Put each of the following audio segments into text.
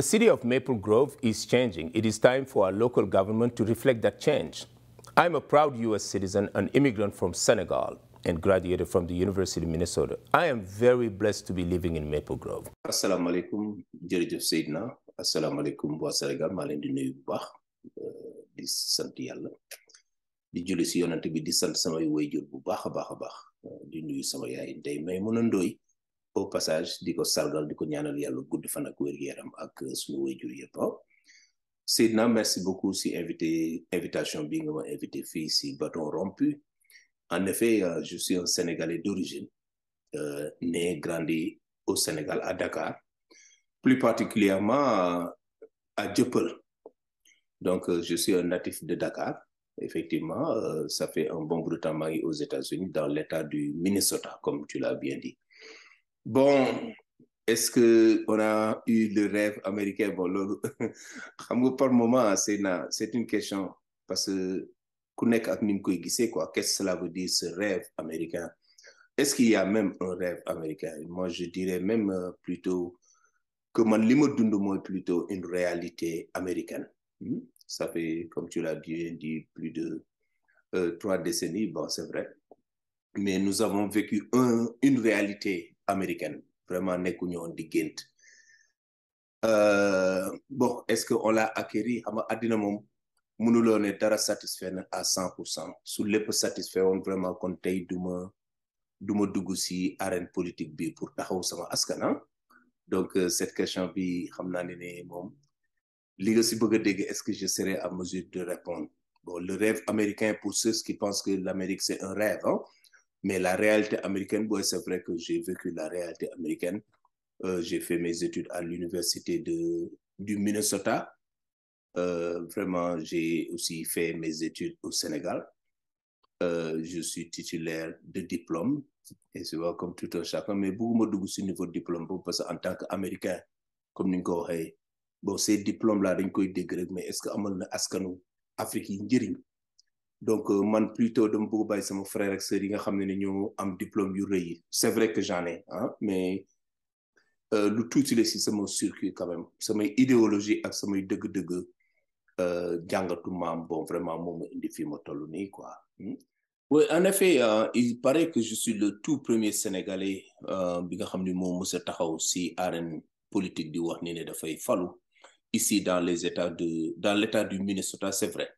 The city of Maple Grove is changing. It is time for our local government to reflect that change. I'm a proud U.S. citizen, an immigrant from Senegal, and graduated from the University of Minnesota. I am very blessed to be living in Maple Grove. asalaamaaleykum jërëjëf Seydina asalaamaaleykum waa Sénégal maa leen di nuyu bu baax euh, di sant yàlla di julli si yonante bi di sant sama waajur bu baax a baax a baax euh, di nuyu sama yaay Ndeye Maimouna Ndoye au passage di ko sargal di ko ñaanal yàlla gudd fan ak wér ak suñu wéyjur yëpp ah Seydina merci beaucoup si invité invitation bi nga ma invité fii si Bâton Rompu en effet euh, je suis un Sénégalais d'origine euh, né grandi au Sénégal à Dakar plus particulièrement euh, à Dieuppeul donc je suis un natif de Dakar effectivement ça fait un bon bout de temps maa ngi aux États-Unis dans l'État du Minnesota comme tu l'as bien dit bon est-ce que on a eu le rêve américain bon loolu nga par moment c'est na c'est une question parce que ku nekk ak ni mu koy gisee quoi qu'est-ce que cela veut dire ce rêve américain est-ce qu'il y a même un rêve américain moi je dirais même euh, plutôt que man li ma dund mooy plutôt une réalité américaine hmm? ça fait comme tu l'as bien dit plus de euh, trois décennies bon c'est vrai mais nous avons vécu un une réalité américaine vraiment nekkuñu woon di gént euh, bon est-ce que on l'a acquéri xam nga àddina moom mënuloo dara satisfait na à cent pour cent su lépp satisfait woon vraiment kon tey du ma du ma dugg si arène politique bi pour taxaw sama askan ah. donc euh, cette question bi xam naa ne ne moom si bëgg a dégg est-ce que je serai à mesure de répondre bon le rêve américain pour ceux qui pensent que l'Amérique c'est un rêve Mais la réalité américaine, ouais, c'est vrai que j'ai vécu la réalité américaine. Euh, j'ai fait mes études à l'université de, du Minnesota. Euh, vraiment, j'ai aussi fait mes études au Sénégal. Euh, je suis titulaire de diplôme, et c'est vrai comme tout un chacun, mais beaucoup me sur niveau de diplôme, parce en tant que qu'Américain, comme nous l'avons bon, ces diplômes-là, ils sont degré, mais est-ce que qu'on a askan Afrique njëriñ donc euh, man plutôt dama bëgg bàyyi sama frère ak sœur yi nga xam ne ñoo am diplôme yu rëy yi c'est vrai que j'en mais euh, lu tuuti la si sama circuit quand même samay idéologie ak samay dëgg-dëgg euh, jàngatu maam bon vraiment moom ma indi fii ma toll nii quoi. Hmm. oui en effet il paraît que je suis le tout premier sénégalais bi nga xam ne moo mës a taxaw si arène politique di wax ni ne dafay falu ici dans les états de dans l'état du Minnesota c'est vrai.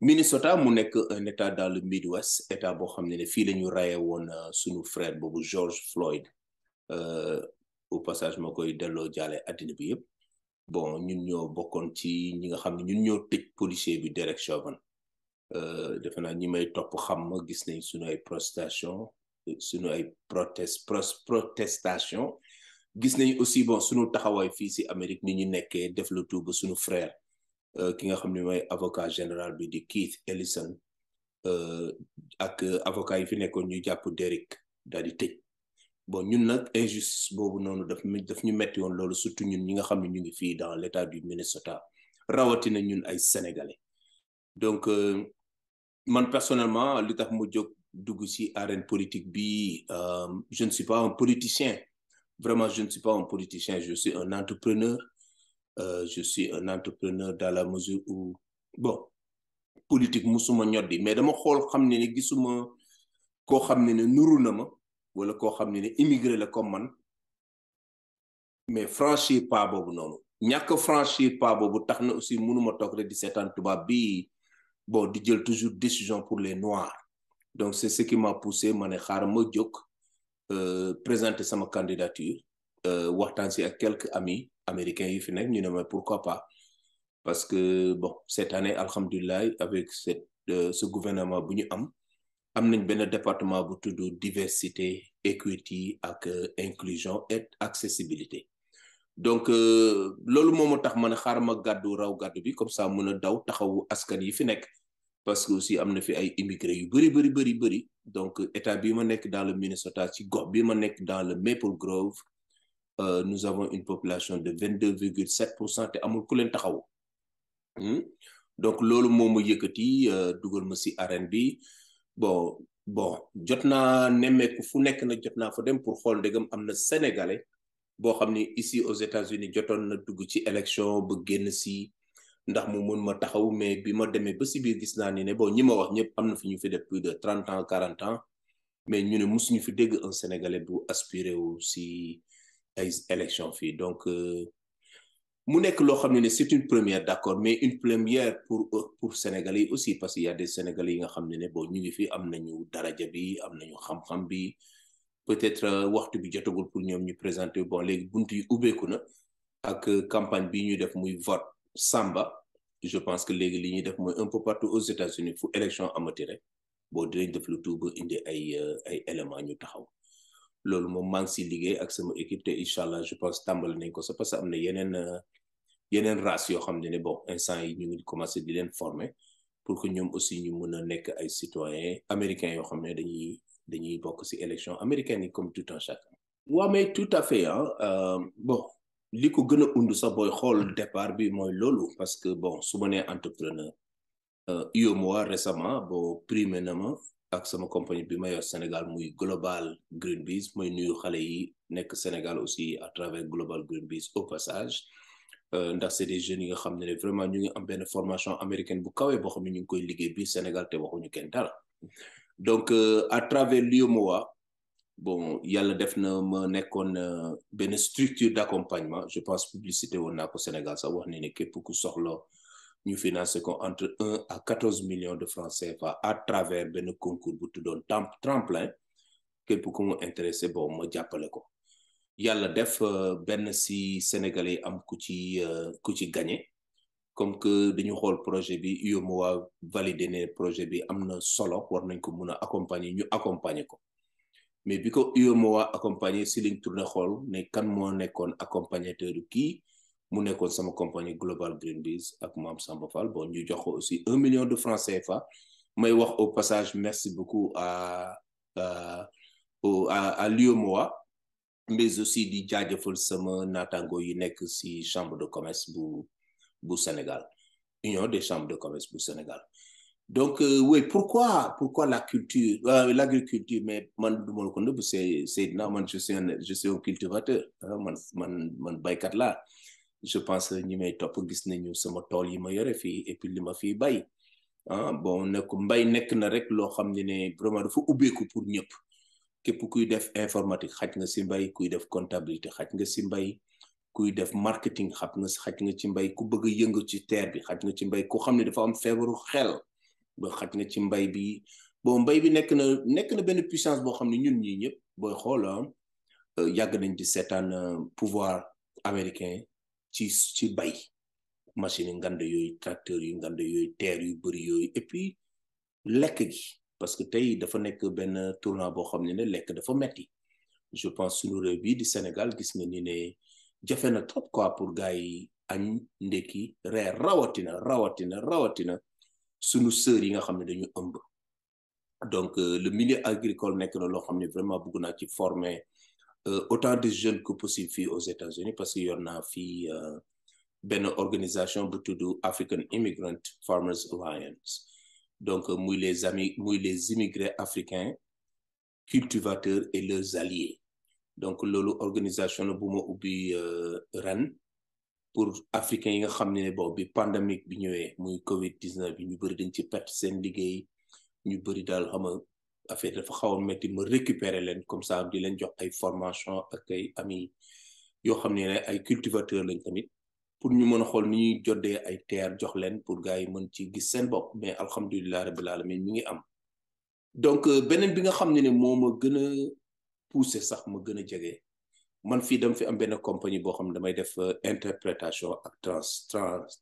Minnesota mu nekk un état dans le Midwest état boo xam ne ne fii la ñu raye woon euh, sunu frère boobu George Floyd euh, au passage ma koy delloo jaale àddina bi yëpp bon ñun ñoo bokkoon ci ñi nga xam ne ñun ñoo tëj policier bi Derek Chauvin euh, defe naa ñi may topp xam ma gis nañ sunu ay protestation sunu ay protest protestation gis nañ aussi bon sunu taxawaay fii si Amérique ni ñu nekkee def la tuuba sunu frère Euh, ki nga xam ne mooy avocat général bi di Keith Ellison euh, ak euh, avocat yi fi nekkoon ñu jàpp Derrick daal di bon ñun nag injustice boobu noonu daf daf ñu metti woon loolu surtout ñun ñi nga xam ne ñu ngi fii dans l'état du Minnesota rawatina ñun ay sénégalais donc man personnellement li tax mu jóg dugg ci arène politique bi je ne suis pas un politicien vraiment je ne suis politicien je un entrepreneur euh, je suis un entrepreneur dalla la mesure où bon politique musuma ñoddi mais dama xool xam ne ne gisuma koo xam ne ne nuru na ma wala koo xam ne ne immigré la comme man mais franchir pas boobu noonu ñàkk franchir pas boobu tax na aussi mënuma toog rek di seetaan tubaab bi bon di jël toujours décision pour les noirs donc c'est ce qui m'a poussé ma ne xaaral ma euh, présenter sama candidature Euh, waxtaan si ak quelque amis américains yi fi nekk ñu ne ma pourquoi pas parce que bon cette année alhamdulilah avec cette euh, ce gouvernement bu ñu am am nañ benn département bu tudd diversité equity ak euh, inclusion et accessibilité donc loolu moom moo tax man xaaral ma gàddu raw gàddu bi comme ça mën a daw taxawu askan yi fi nekk parce que aussi am na fi ay immigré yu bëri bëri bëri bëri donc état bi ma nekk dans le Minnesota ci gox bi ma nekk dans le Maple gro Euh, nous avons une population de vingt deux virgule sept pour cent te amul ku leen taxaw hmm? donc loolu moom ma yëkkati euh, dugal ma si arène bi bon bon jot naa nemmeeku fu nekk na jot naa fa dem pour xool ndegam am na sénégalais boo xam ne ici aux États-Unis jotoon na dugg ci élection ba génn si ndax mu mën ma taxaw mais bi ma demee ba si biir gis naa ni ne bon ñi ma wax ñëpp am na fi ñu fi def plus de trente ans quarante ans mais ñu ne mosuñu fi dégg un sénégalais bu aspiré wu si. ay élection fii donc euh, mu nekk loo xam ne ne c'est une première d'accord mais une première pour pour Sénégalais yi aussi parce qu'il y a des Sénégalais yi nga xam ne ne bon ñu ngi fi am nañu daraja bi am nañu xam-xam bi peut-être euh, waxtu bi jotagul pour ñoom ñu présenter bon léegi bunt yi ubbeeku na ak euh, campagne bi ñuy def muy vote samba je pense que léegi li ñuy def mooy un peu partout aux États-Unis fu élection amati rek boo dinañ def lu tuub indi ay ay éléments ñu taxaw loolu moom maa ngi si liggéey ak sama équipe te incha allah je pense tàmbali nañ ko sax parce que am na yeneen euh, race yoo xam ne ne bon instant yi ñu commencé di leen former pour que ñoom aussi ñu mën a nekk ay citoyens américain yoo xam ne dañuy dañuy bokk si élection américain yi comme tout un chacun. waaw mais tout à fait ah bon li ko gën a undu sax booy xool départ bi mooy loolu parce que bon su ma nee entrepreneur UEMOA euh, récemment bon primé na ma ak sama compagnie bi ma Sénégal muy Global Green Bees muy nuyu xale yi nekk Sénégal aussi à travers Global Green Bees au passage euh, ndax c'est des jeunes yi nga xam ne vraiment ñu ngi am benn formation américaine bu kawee boo xam ne ñu ngi koy liggéey biir Sénégal te waxuñu kenn dara donc euh, à travers wa bon yàlla def na ma nekkoon euh, benn structure d'accompagnement je pense publicité woon naa ko Sénégal sax wax ne ne képp ku soxla ñu financé ko entre un à quatorze millions de francs CFA à travers benn concours bu tuddoon temps tremplin képp ku mu intéressé bon ma jàppale ko yàlla def euh, benn si sénégalais yi am ku ci euh, ku ci gagné comme que dañu xool projet bi UEMOA validé ne projet bi am na solo war nañ ko mun a accompagner ñu accompagner ko mais bi ko UEMOA accompagner si liñ tourné xool ne kan moo nekkoon accompagnateur kii mu nekkoon sama compagnie Global Greenpeace ak Maam Samba Fall bon ñu jox ko aussi un million de francs fa may wax au passage merci beaucoup à à à l'UEMOA mais aussi di jaajëfal sama naataango yi nekk si chambre de commerce bu bu Sénégal union des chambres de commerce bu Sénégal donc euh, oui pourquoi pourquoi la culture euh, l'agriculture mais man du ma la ko nëbb c'est man je suis un je cultivateur man man man baykat laa je pense que ñi may topp gis nañu sama tool yi ma yore fii et puis li ma fii bay ah bon nekk mbay nekk na rek loo xam ne ne vraiment dafa ubbeeku pour ñëpp képp kuy def informatique xaj nga si mbay kuy def comptabilité xaj nga si mbay kuy def marketing xaj nga xaj nga ci mbay ku bëgg a ci teer bi xaj nga ci mbay ku xam ne dafa am feebaru xel ba xaj nga ci mbay bi bon mbay bi nekk na nekk na benn puissance boo xam ne ñun ñii ñëpp booy xool ah, yàgg nañ di seetaan ah, pouvoir américain ci ci bay machine yu ngand yooyu tracteur yu ngand yooyu teer yu bëri yooyu et puis lekk gi parce que tey dafa nekk benn tournant boo xam ne ne lekk dafa metti je pense suñu réew bii di Sénégal gis nga ni ne jafe na trop quoi pour gars yi añ ndekki reer rawatina rawatina rawatina sunu sœurs yi nga xam ne dañu ëmb donc euh, le milieu agricole nekk na loo xam ne vraiment bëgg naa ci former Euh, autant de jeunes que possible fii aux États-Unis parce que yor naa fii euh, benn organisation bu tudd African Immigrant Farmers Alliance donc euh, muy les amis muy les immigrés africains cultivateurs et leurs alliés donc loolu organisation la bu ma ubbi ren pour africains yi nga xam ne bon bi pandémique bi ñëwee muy Covid 19 bi ñu bëri dañ ci perte seen liggéey ñu bëri daal xam affaire dafa xaw a métti ma récupérer leen comme ça di len jox ay formation ak ay ami yoo xam ne ay cultivateur lañ tamit pour ñu mën a xool ni ñuy joddee ay terre jox leen pour gars yi mën ci gis seen bopp mais alhamdulilah rabbil alamin mi ngi am donc euh, beneen bi nga xam ne ne moo ma gën a poussé sax ma gën a jege man fii dama fi am benn compagnie boo xam ne damay def euh, interprétation ak trans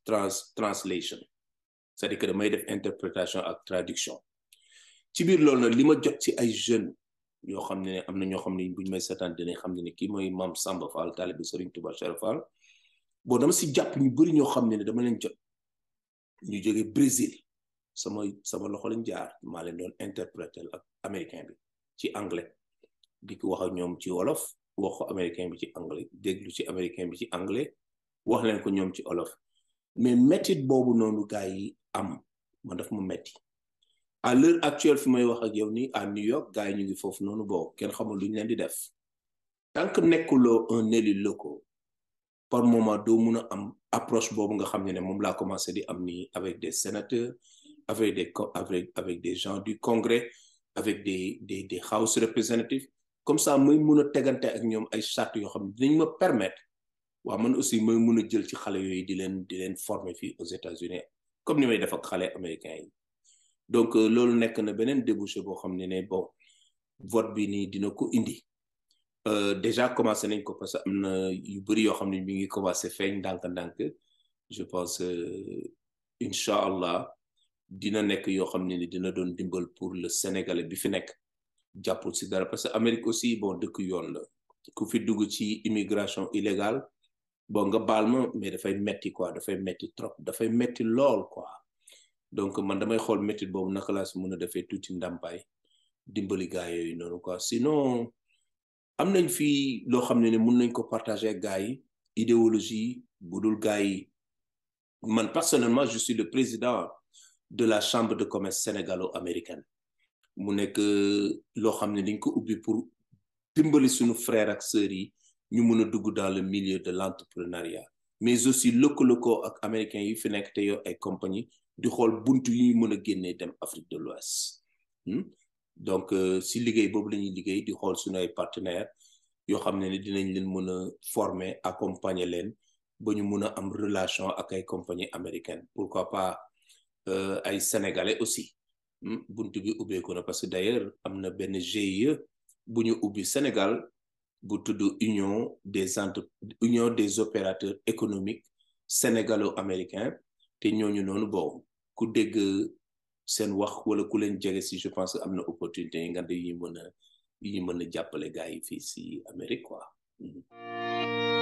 trans translation c'est-à-dire que damay def interprétation ak traduction ci biir loolu nag li ma jot ci ay jeunes yoo xam ne am na ñoo xam ne buñ may seetaan dinañ xam ne ne kii mooy maam Samba Fall taalibe Serigne Touba Cheikh Fall boo dama si jàpp ñu bëri ñoo xam ne ne dama leen jot ñu jóge Brésil sama sama loxo lañ jaar maa leen doon interpréter ak américain bi ci anglais di ko wax ñoom ci wolof wax ko américain bi ci anglais déglu ci américain bi ci anglais wax leen ko ñoom ci olof mais métit boobu noonu gaa yi am man daf mu metti à l'heure actuelle fi may wax ak yow nii à New York gars yi ñu ngi foofu noonu boo kenn xamul lu ñu leen di def tant que nekkuloo un élu local par moment do mun a am approche boobu nga xam ne ne moom laa commencé di am nii avec des sénateurs avec des avec avec des gens du congrès avec des des des house représentatives comme ça may mun a tegante ak ñoom ay charte yoo xam ne dinañ ma permettre waaw man aussi may mun a jël ci xale yooyu di leen di leen former fi aux États-Unis comme ni may def ak xale américains yi donc euh, loolu nekk na beneen débouché boo xam ne ne bon vote bi nii dina ko indi euh, déjà commencé nañ ko parce que am na yu bëri yoo xam ne mi ngi commencé feeñ ndànk-ndànk je pense euh, incha allah dina nekk yoo xam ne ni dina doon dimbal pour le sénégalais bi fi nekk jàppul si dara parce que Amérique aussi bon dëkk yoon la ku fi dugg ci immigration illégale bon nga baal ma mais dafay metti quoi dafay metti trop dafay metti lool quoi donc man damay xool métit boobu naka laa si mën a defee tuuti ndàmpaay dimbali gaa yooyu noonu quoi sinon am nañ fi loo xam ne ne mun nañ ko partager ak yi idéologie bu dul gaa yi man personnellement je suis le président de la chambre de commerce sénégalo américain mu nekk euh, loo xam ne dañ ko ubbi pour dimbali suñu frères ak sœurs yi ñu mun a dugg dans le milieu de l'entrepreneuriat mais aussi lëkkaloo ko ak américains yi fi nekk te yor ay compagnie di xool buntu yi ñu mën a génnee dem Afrique de l'Ouest hmm? donc euh, si liggéey boobu la ñuy liggéey di xool suñu ay partenaires yoo xam ne ni dinañ leen mën a former accompagner leen ba ñu mën a am relation ak ay compagnie américaine pourquoi pas euh, ay sénégalais aussi hmm? buntu bi ubbeeku na parce que d'ailleurs am na benn GIE bu ñu ubbi Sénégal bu tudd union des entre union des opérateurs économiques sénégalo américain te ñooñu noonu boobu ku dégg seen wax wala ku leen jege si je pense que am na opportunité yi nga xam ne yu ñu mën a yu mën a jàppale gars yi fii si Amérique quoi. Mm-hmm.